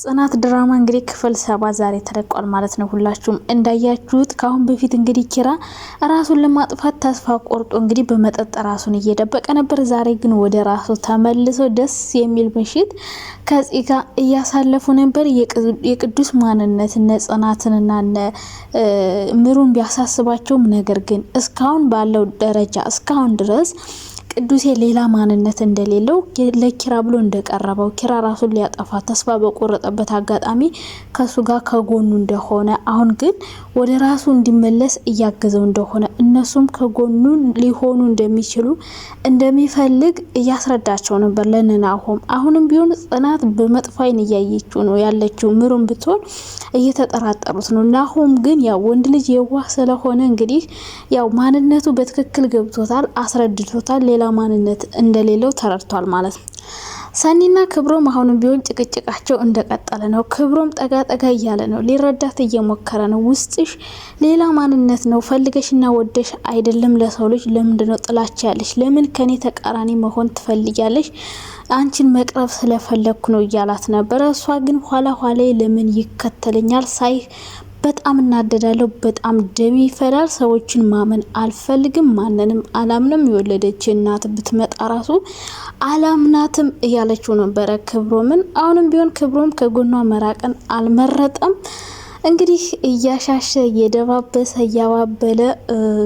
ጽናት ድራማ እንግዲህ ክፍል ሰባ ዛሬ ተለቋል ማለት ነው። ሁላችሁም እንዳያችሁት ከአሁን በፊት እንግዲህ ኪራ ራሱን ለማጥፋት ተስፋ ቆርጦ እንግዲህ በመጠጥ ራሱን እየደበቀ ነበር። ዛሬ ግን ወደ ራሱ ተመልሶ ደስ የሚል ምሽት ከዚህ ጋር እያሳለፉ ነበር። የቅዱስ ማንነት እነ ጽናትንና እነ ምሩን ቢያሳስባቸውም ነገር ግን እስካሁን ባለው ደረጃ እስካሁን ድረስ ቅዱሴ ሌላ ማንነት እንደሌለው ለኪራ ብሎ እንደቀረበው ኪራ ራሱን ሊያጠፋ ተስፋ በቆረጠበት አጋጣሚ ከሱ ጋር ከጎኑ እንደሆነ አሁን ግን ወደ ራሱ እንዲመለስ እያገዘው እንደሆነ እነሱም ከጎኑ ሊሆኑ እንደሚችሉ እንደሚፈልግ እያስረዳቸው ነበር ለንናሆም። አሁንም ቢሆን ጽናት በመጥፎ ዓይን እያየችው ነው ያለችው። ምሩም ብትሆን እየተጠራጠሩት ነው። ናሆም ግን ያው ወንድ ልጅ የዋህ ስለሆነ እንግዲህ ያው ማንነቱ በትክክል ገብቶታል፣ አስረድቶታል ሌላ ማንነት እንደሌለው ተረድቷል ማለት ነው። ሰኒና ክብሮም አሁንም ቢሆን ጭቅጭቃቸው እንደቀጠለ ነው። ክብሮም ጠጋ ጠጋ እያለ ነው፣ ሊረዳት እየሞከረ ነው። ውስጥሽ ሌላ ማንነት ነው ፈልገሽና ወደሽ አይደለም ለሰው ልጅ። ለምንድነው ጥላች ጥላቻ ያለሽ? ለምን ከኔ ተቃራኒ መሆን ትፈልጊያለሽ? አንቺን መቅረብ ስለፈለግኩ ነው እያላት ነበረ። እሷ ግን ኋላ ኋላ ለምን ይከተለኛል ሳይ በጣም እናደዳለሁ። በጣም ደም ይፈላል። ሰዎችን ማመን አልፈልግም። ማንንም አላምንም። የወለደች እናት ብትመጣ ራሱ አላምናትም እያለችው ነበረ ክብሮምን። አሁንም ቢሆን ክብሮም ከጎኗ መራቅን አልመረጠም። እንግዲህ እያሻሸ እየደባበሰ እያባበለ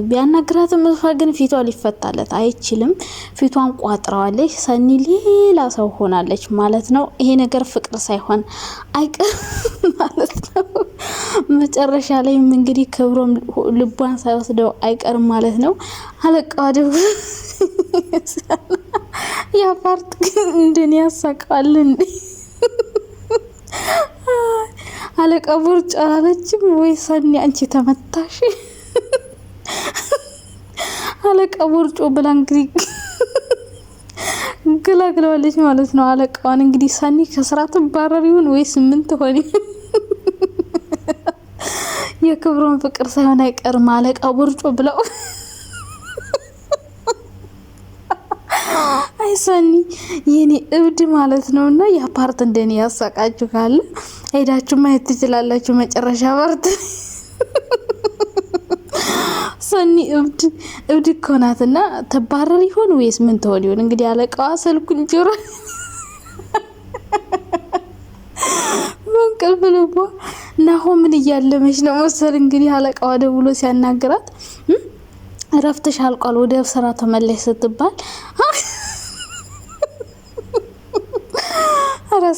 ቢያናግራትም እሷ ግን ፊቷ ሊፈታለት አይችልም። ፊቷን ቋጥረዋለች። ሰኒ ሌላ ሰው ሆናለች ማለት ነው። ይሄ ነገር ፍቅር ሳይሆን አይቀርም ማለት ነው። መጨረሻ ላይም እንግዲህ ክብሮም ልቧን ሳይወስደው አይቀርም ማለት ነው። አለቃዋ የአፓርት ግን እንድን ያሳቀዋልን እንዴ አለቃ ቦርጭ አላለችም ወይ ሰኒ? አንቺ ተመታሽ። አለቃ ቦርጮ ብላ እንግዲህ ገላግለዋለች ማለት ነው አለቃዋን። እንግዲህ ሰኒ ከስራ ትባረር ይሁን ወይስ ስምንት ሆኔ የክብሮን ፍቅር ሳይሆን አይቀርም አለቃ ቦርጮ ብለው አይ ሰኒ የኔ እብድ ማለት ነው። እና የአፓርት እንደኔ ያሳቃችሁ ካለ ሄዳችሁ ማየት ትችላላችሁ። መጨረሻ ፓርት ሰኒ እብድ እብድ እኮ ናት። እና ተባረር ይሆን ወይስ ምን ትሆን ይሆን? እንግዲህ አለቃዋ ስልኩን ጆሮ መንቀልፍ ልቧ ምን እያለመች ነው መሰል እንግዲህ አለቃዋ ደውሎ ሲያናግራት እረፍትሽ አልቋል ወደ ስራ ተመለሽ ስትባል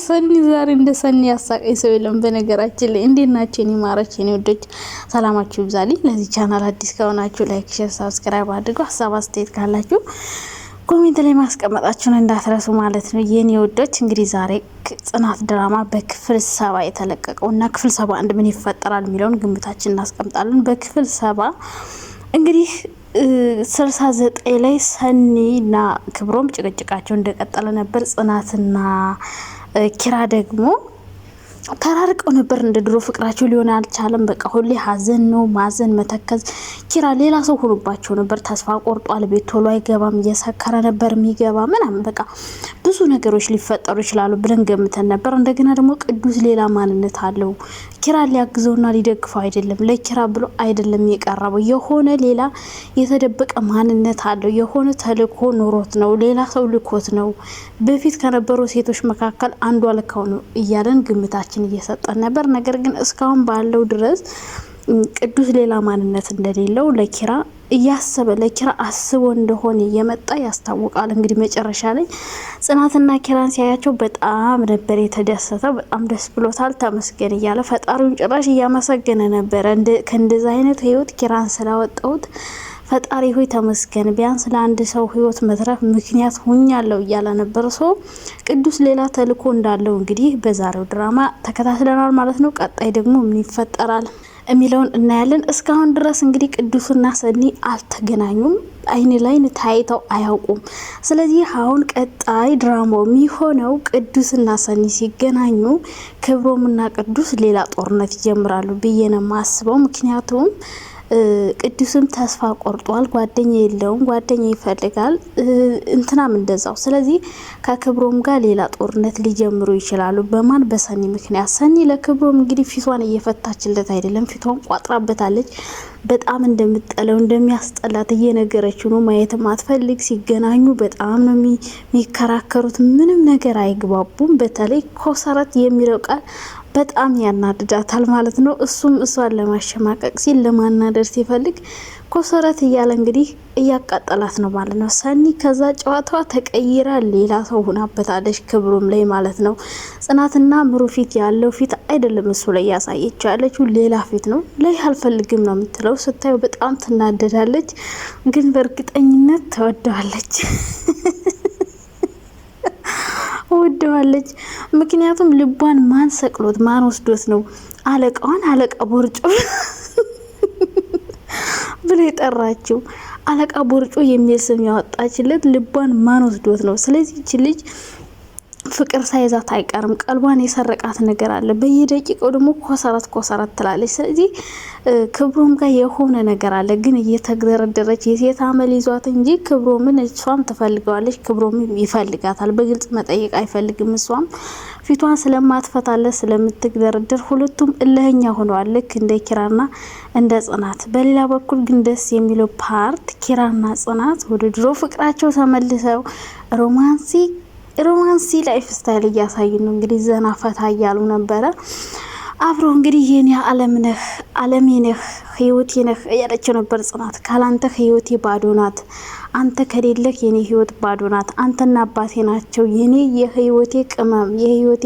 ሰኒ ዛሬ እንደ ሰኒ ያሳቀኝ ሰው የለም። በነገራችን ላይ እንዴት ናቸው የኔ ማረች የኔ ወዶች? ሰላማችሁ ይብዛልኝ። ለዚህ ቻናል አዲስ ከሆናችሁ ላይክ፣ ሼር፣ ሳብስክራይብ አድርጉ። ሀሳብ አስተያየት ካላችሁ ኮሜንት ላይ ማስቀመጣችሁን እንዳትረሱ ማለት ነው የኔ ወዶች። እንግዲህ ዛሬ ጽናት ድራማ በክፍል ሰባ የተለቀቀው እና ክፍል ሰባ አንድ ምን ይፈጠራል የሚለውን ግምታችን እናስቀምጣለን። በክፍል ሰባ እንግዲህ ስልሳ ዘጠኝ ላይ ሰኒና ክብሮም ጭቅጭቃቸው እንደቀጠለ ነበር ጽናትና ኪራ ደግሞ ተራርቀው ነበር። እንደ ድሮ ፍቅራቸው ሊሆን አልቻለም። በቃ ሁሌ ሀዘን ነው ማዘን፣ መተከዝ። ኪራ ሌላ ሰው ሆኖባቸው ነበር። ተስፋ ቆርጧል። ቤት ቶሎ አይገባም፣ እየሰከረ ነበር የሚገባ ምናምን። በቃ ብዙ ነገሮች ሊፈጠሩ ይችላሉ ብለን ገምተን ነበር። እንደገና ደግሞ ቅዱስ ሌላ ማንነት አለው። ኪራ ሊያግዘውና ሊደግፈው አይደለም፣ ለኪራ ብሎ አይደለም የቀረበው። የሆነ ሌላ የተደበቀ ማንነት አለው። የሆነ ተልእኮ ኖሮት ነው፣ ሌላ ሰው ልኮት ነው። በፊት ከነበሩ ሴቶች መካከል አንዷ ልካው ነው እያለን ግምታችን ምላሻችን እየሰጠን ነበር። ነገር ግን እስካሁን ባለው ድረስ ቅዱስ ሌላ ማንነት እንደሌለው ለኪራ እያሰበ ለኪራ አስቦ እንደሆነ እየመጣ ያስታውቃል። እንግዲህ መጨረሻ ላይ ጽናትና ኪራን ሲያያቸው በጣም ነበር የተደሰተው። በጣም ደስ ብሎታል። ተመስገን እያለ ፈጣሪውን ጭራሽ እያመሰገነ ነበረ። ከእንደዚህ አይነት ህይወት ኪራን ስላወጣሁት ፈጣሪ ሆይ ተመስገን፣ ቢያንስ ለአንድ ሰው ህይወት መትረፍ ምክንያት ሆኛለሁ እያለ ነበር። ሶ ቅዱስ ሌላ ተልእኮ እንዳለው እንግዲህ በዛሬው ድራማ ተከታትለናል ማለት ነው። ቀጣይ ደግሞ ምን ይፈጠራል የሚለውን እናያለን። እስካሁን ድረስ እንግዲህ ቅዱስና ሰኒ አልተገናኙም፣ አይን ላይን ታይተው አያውቁም። ስለዚህ አሁን ቀጣይ ድራማው የሚሆነው ቅዱስና ሰኒ ሲገናኙ ክብሮምና ቅዱስ ሌላ ጦርነት ይጀምራሉ ብዬ ነው የማስበው ምክንያቱም ቅዱስም ተስፋ ቆርጧል። ጓደኛ የለውም፣ ጓደኛ ይፈልጋል። እንትናም እንደዛው። ስለዚህ ከክብሮም ጋር ሌላ ጦርነት ሊጀምሩ ይችላሉ። በማን በሰኒ ምክንያት። ሰኒ ለክብሮም እንግዲህ ፊቷን እየፈታችለት አይደለም፣ ፊቷን ቋጥራበታለች። በጣም እንደምጠለው እንደሚያስጠላት እየነገረችው ነው። ማየትም አትፈልግ። ሲገናኙ በጣም ነው የሚከራከሩት። ምንም ነገር አይግባቡም። በተለይ ኮሰረት የሚለው ቃል በጣም ያናድዳታል ማለት ነው። እሱም እሷን ለማሸማቀቅ ሲል ለማናደር ሲፈልግ ኮሰረት እያለ እንግዲህ እያቃጠላት ነው ማለት ነው። ሰኒ ከዛ ጨዋታዋ ተቀይራ ሌላ ሰው ሆናበታለች ክብሩም ላይ ማለት ነው። ጽናትና ምሩ ፊት ያለው ፊት አይደለም እሱ ላይ ያሳየችው ያለችው ሌላ ፊት ነው። ላይ አልፈልግም ነው የምትለው። ስታዩ በጣም ትናደዳለች፣ ግን በእርግጠኝነት ተወደዋለች ወደዋለች። ምክንያቱም ልቧን ማን ሰቅሎት ማን ወስዶት ነው አለቃዋን አለቃ ቦርጮ ብሎ የጠራችው አለቃ ቦርጮ የሚል ስም ያወጣችለት ልቧን ማን ወስዶት ነው? ስለዚህ ልጅ ፍቅር ሳይዛት አይቀርም። ቀልቧን የሰረቃት ነገር አለ። በየደቂቃው ደግሞ ኮሰረት ኮሰረት ትላለች። ስለዚህ ክብሮም ጋር የሆነ ነገር አለ፣ ግን እየተደረደረች የሴት አመል ይዟት እንጂ ክብሮምን እሷም ትፈልገዋለች፣ ክብሮምም ይፈልጋታል። በግልጽ መጠየቅ አይፈልግም። እሷም ፊቷን ስለማትፈታለ ስለምትደረደር ሁለቱም እልህኛ ሆነዋል፣ ልክ እንደ ኪራና እንደ ጽናት። በሌላ በኩል ግን ደስ የሚለው ፓርት ኪራና ጽናት ወደ ድሮ ፍቅራቸው ተመልሰው ሮማንሲ ሮማንሲ ላይፍ ስታይል እያሳዩ ነው እንግዲህ ዘና ፈታ እያሉ ነበረ። አብሮ እንግዲህ የኔ አለም ነህ አለሜ ነህ ህይወቴ ነህ እያለችው ነበር ጽናት። ካላንተ ህይወቴ ባዶ ናት አንተ ከሌለህ የኔ ህይወት ባዶ ናት። አንተና አባቴ ናቸው የኔ የህይወቴ ቅመም የህይወቴ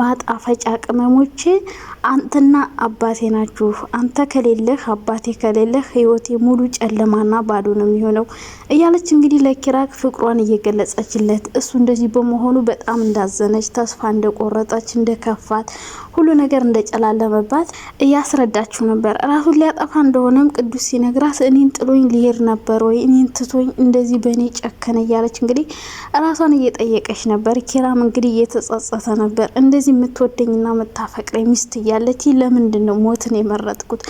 ማጣፈጫ ቅመሞች አንተና አባቴ ናችሁ። አንተ ከሌለህ አባቴ ከሌለህ ህይወቴ ሙሉ ጨለማና ባዶ ነው የሚሆነው እያለች እንግዲህ ለኪራክ ፍቅሯን እየገለጸችለት እሱ እንደዚህ በመሆኑ በጣም እንዳዘነች፣ ተስፋ እንደቆረጠች፣ እንደከፋት ሁሉ ነገር እንደጨላለመባት እያስረዳችው ነበር። ራሱን ሊያጠፋ እንደሆነም ቅዱስ ሲነግራት እኔን ጥሎኝ ሊሄድ ነበር ወይ እኔን ትቶኝ እንደዚህ በእኔ ጨከነ እያለች እንግዲህ ራሷን እየጠየቀች ነበር። ኪራም እንግዲህ እየተጸጸተ ነበር። እንደዚህ የምትወደኝና የምታፈቅረኝ ሚስት እያለች ለምንድን ነው ሞትን የመረጥኩት?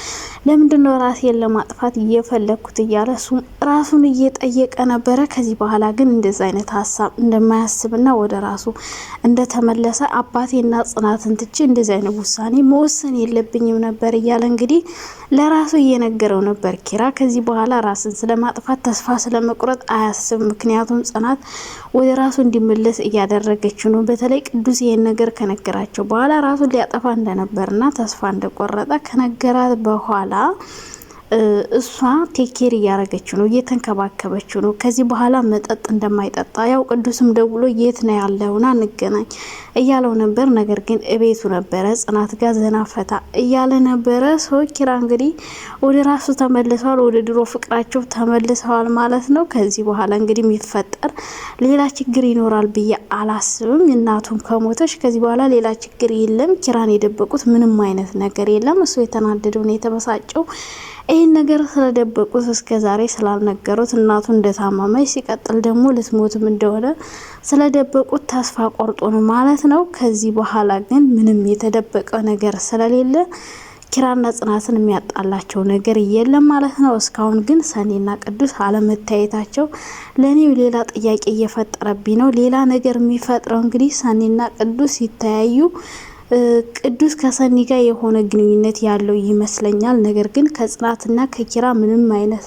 ለምንድን ነው ራሴን ለማጥፋት እየፈለግኩት? እያለ እሱም ራሱን እየጠየቀ ነበረ። ከዚህ በኋላ ግን እንደዚ አይነት ሀሳብ እንደማያስብና ወደ ራሱ እንደተመለሰ አባቴና ጽናትን ትቼ እንደዚህ አይነት ውሳኔ መወሰን የለብኝም ነበር እያለ እንግዲህ ለራሱ እየነገረው ነበር። ኪራ ከዚህ በኋላ ራስን ስለማጥፋት ተስፋ ስለመቁረጥ አያስብ። ምክንያቱም ጽናት ወደ ራሱ እንዲመለስ እያደረገችው ነው። በተለይ ቅዱስ ይህን ነገር ከነገራቸው በኋላ ራሱን ሊያጠፋ እንደነበርና ተስፋ እንደቆረጠ ከነገራት በኋላ እሷ ቴኬር እያረገች ነው፣ እየተንከባከበችው ነው። ከዚህ በኋላ መጠጥ እንደማይጠጣ ያው ቅዱስም ደውሎ የት ነው ያለውና እንገናኝ እያለው ነበር። ነገር ግን እቤቱ ነበረ ጽናት ጋር ዘና ፈታ እያለ ነበረ። ሰዎች ኪራ እንግዲህ ወደ ራሱ ተመልሰዋል፣ ወደ ድሮ ፍቅራቸው ተመልሰዋል ማለት ነው። ከዚህ በኋላ እንግዲህ የሚፈጠር ሌላ ችግር ይኖራል ብዬ አላስብም። እናቱም ከሞተች ከዚህ በኋላ ሌላ ችግር የለም። ኪራን የደበቁት ምንም አይነት ነገር የለም። እሱ የተናደደው ነው የተበሳጨው ይህን ነገር ስለደበቁት እስከ ዛሬ ስላልነገሩት እናቱ እንደታመመች ሲቀጥል ደግሞ ልትሞትም እንደሆነ ስለደበቁት ተስፋ ቆርጦ ነው ማለት ነው። ከዚህ በኋላ ግን ምንም የተደበቀ ነገር ስለሌለ ኪራና ጽናትን የሚያጣላቸው ነገር የለም ማለት ነው። እስካሁን ግን ሰኔና ቅዱስ አለመታየታቸው ለእኔው ሌላ ጥያቄ እየፈጠረብኝ ነው። ሌላ ነገር የሚፈጥረው እንግዲህ ሰኔና ቅዱስ ሲተያዩ ቅዱስ ከሰኒ ጋር የሆነ ግንኙነት ያለው ይመስለኛል። ነገር ግን ከጽናትና ከኪራ ምንም አይነት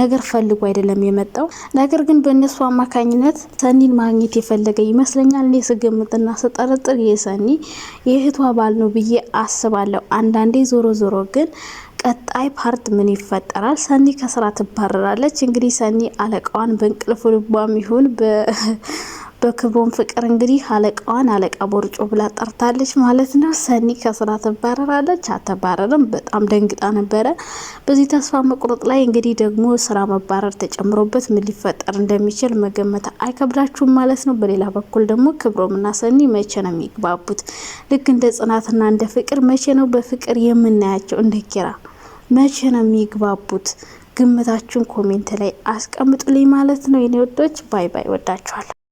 ነገር ፈልጎ አይደለም የመጣው። ነገር ግን በእነሱ አማካኝነት ሰኒን ማግኘት የፈለገ ይመስለኛል። እኔ ስገምትና ስጠረጥር የሰኒ የእህቷ ባል ነው ብዬ አስባለሁ። አንዳንዴ ዞሮ ዞሮ ግን ቀጣይ ፓርት ምን ይፈጠራል? ሰኒ ከስራ ትባረራለች። እንግዲህ ሰኒ አለቃዋን በእንቅልፍ ልቧም ይሁን በክብሮም ፍቅር እንግዲህ አለቃዋን አለቃ ቦርጮ ብላ ጠርታለች ማለት ነው። ሰኒ ከስራ ትባረራለች አተባረርም በጣም ደንግጣ ነበረ። በዚህ ተስፋ መቁረጥ ላይ እንግዲህ ደግሞ ስራ መባረር ተጨምሮበት ምን ሊፈጠር እንደሚችል መገመት አይከብዳችሁም ማለት ነው። በሌላ በኩል ደግሞ ክብሮምና ሰኒ መቼ ነው የሚግባቡት? ልክ እንደ ጽናትና እንደ ፍቅር መቼ ነው በፍቅር የምናያቸው? እንደ ኪራ መቼ ነው የሚግባቡት? ግምታችሁን ኮሜንት ላይ አስቀምጡልኝ ማለት ነው። የኔ ወዶች ባይ ባይ፣ ወዳችኋል።